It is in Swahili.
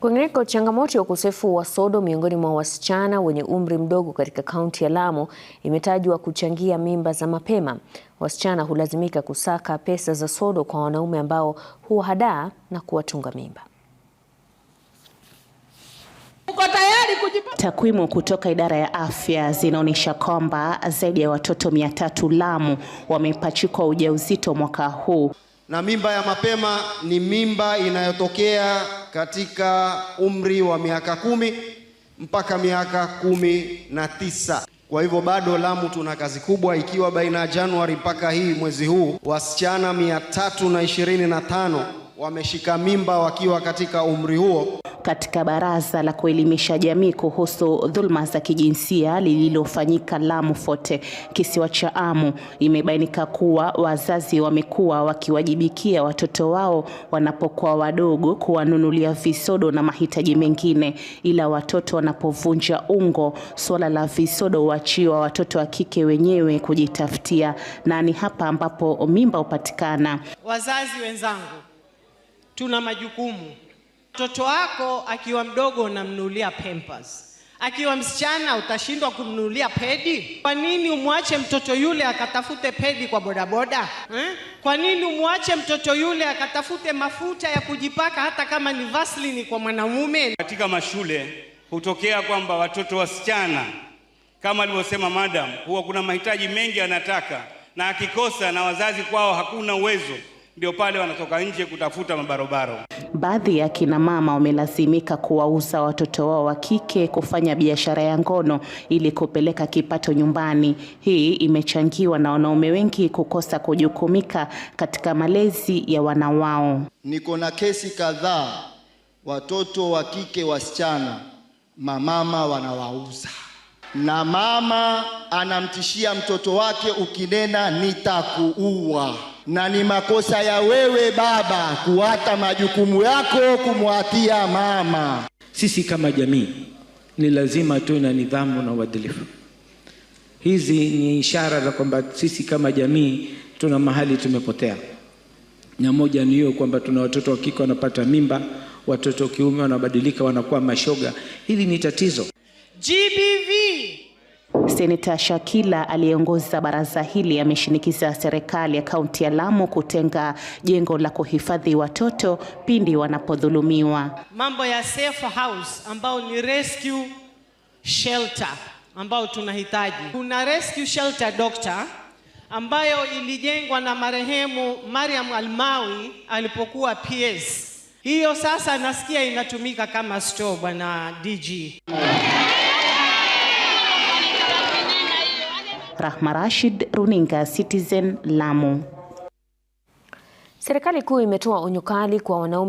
Kwingineko, changamoto ya ukosefu wa sodo miongoni mwa wasichana wenye umri mdogo katika kaunti ya Lamu imetajwa kuchangia mimba za mapema. Wasichana hulazimika kusaka pesa za sodo kwa wanaume ambao huwahadaa na kuwatunga mimba. Takwimu kutoka idara ya afya zinaonyesha kwamba zaidi ya watoto mia tatu Lamu wamepachikwa ujauzito mwaka huu na mimba ya mapema ni mimba inayotokea katika umri wa miaka kumi mpaka miaka kumi na tisa. Kwa hivyo bado Lamu tuna kazi kubwa, ikiwa baina ya Januari mpaka hii mwezi huu wasichana mia tatu na ishirini na tano wameshika mimba wakiwa katika umri huo. Katika baraza la kuelimisha jamii kuhusu dhulma za kijinsia lililofanyika Lamu Forte, kisiwa cha Amu, imebainika kuwa wazazi wamekuwa wakiwajibikia watoto wao wanapokuwa wadogo kuwanunulia visodo na mahitaji mengine, ila watoto wanapovunja ungo, suala la visodo waachiwa watoto wa kike wenyewe kujitafutia, na ni hapa ambapo mimba hupatikana. Wazazi wenzangu tuna majukumu. Mtoto wako akiwa mdogo unamnunulia Pampers, akiwa msichana utashindwa kumnunulia pedi? Kwa nini umwache mtoto yule akatafute pedi kwa bodaboda eh? Kwa nini umwache mtoto yule akatafute mafuta ya kujipaka hata kama ni vaseline kwa mwanamume? Katika mashule hutokea kwamba watoto wasichana kama alivyosema madam, huwa kuna mahitaji mengi anataka, na akikosa na wazazi kwao hakuna uwezo ndio pale wanatoka nje kutafuta mabarobaro. Baadhi ya kina mama wamelazimika kuwauza watoto wao wa kike kufanya biashara ya ngono ili kupeleka kipato nyumbani. Hii imechangiwa na wanaume wengi kukosa kujukumika katika malezi ya wana wao. Niko na kesi kadhaa, watoto wa kike wasichana, mamama wanawauza na mama anamtishia mtoto wake, ukinena nitakuua na ni makosa ya wewe baba kuata majukumu yako kumwatia mama. Sisi kama jamii ni lazima tuwe na nidhamu na uadilifu. Hizi ni ishara za kwamba sisi kama jamii tuna mahali tumepotea, na moja ni hiyo kwamba tuna watoto wa kike wanapata mimba, watoto wa kiume wanabadilika, wanakuwa mashoga. Hili ni tatizo GBV Seneta Shakila aliyeongoza baraza hili ameshinikiza serikali ya kaunti ya Lamu kutenga jengo la kuhifadhi watoto pindi wanapodhulumiwa. Mambo ya safe house ambao ni rescue shelter ambao tunahitaji. Kuna rescue shelter doctor ambayo ilijengwa na marehemu Mariam Almawi alipokuwa PS. Hiyo sasa nasikia inatumika kama store, bwana DG. Rahma Rashid, runinga Citizen, Lamu. Serikali kuu imetoa onyo kali kwa wanaume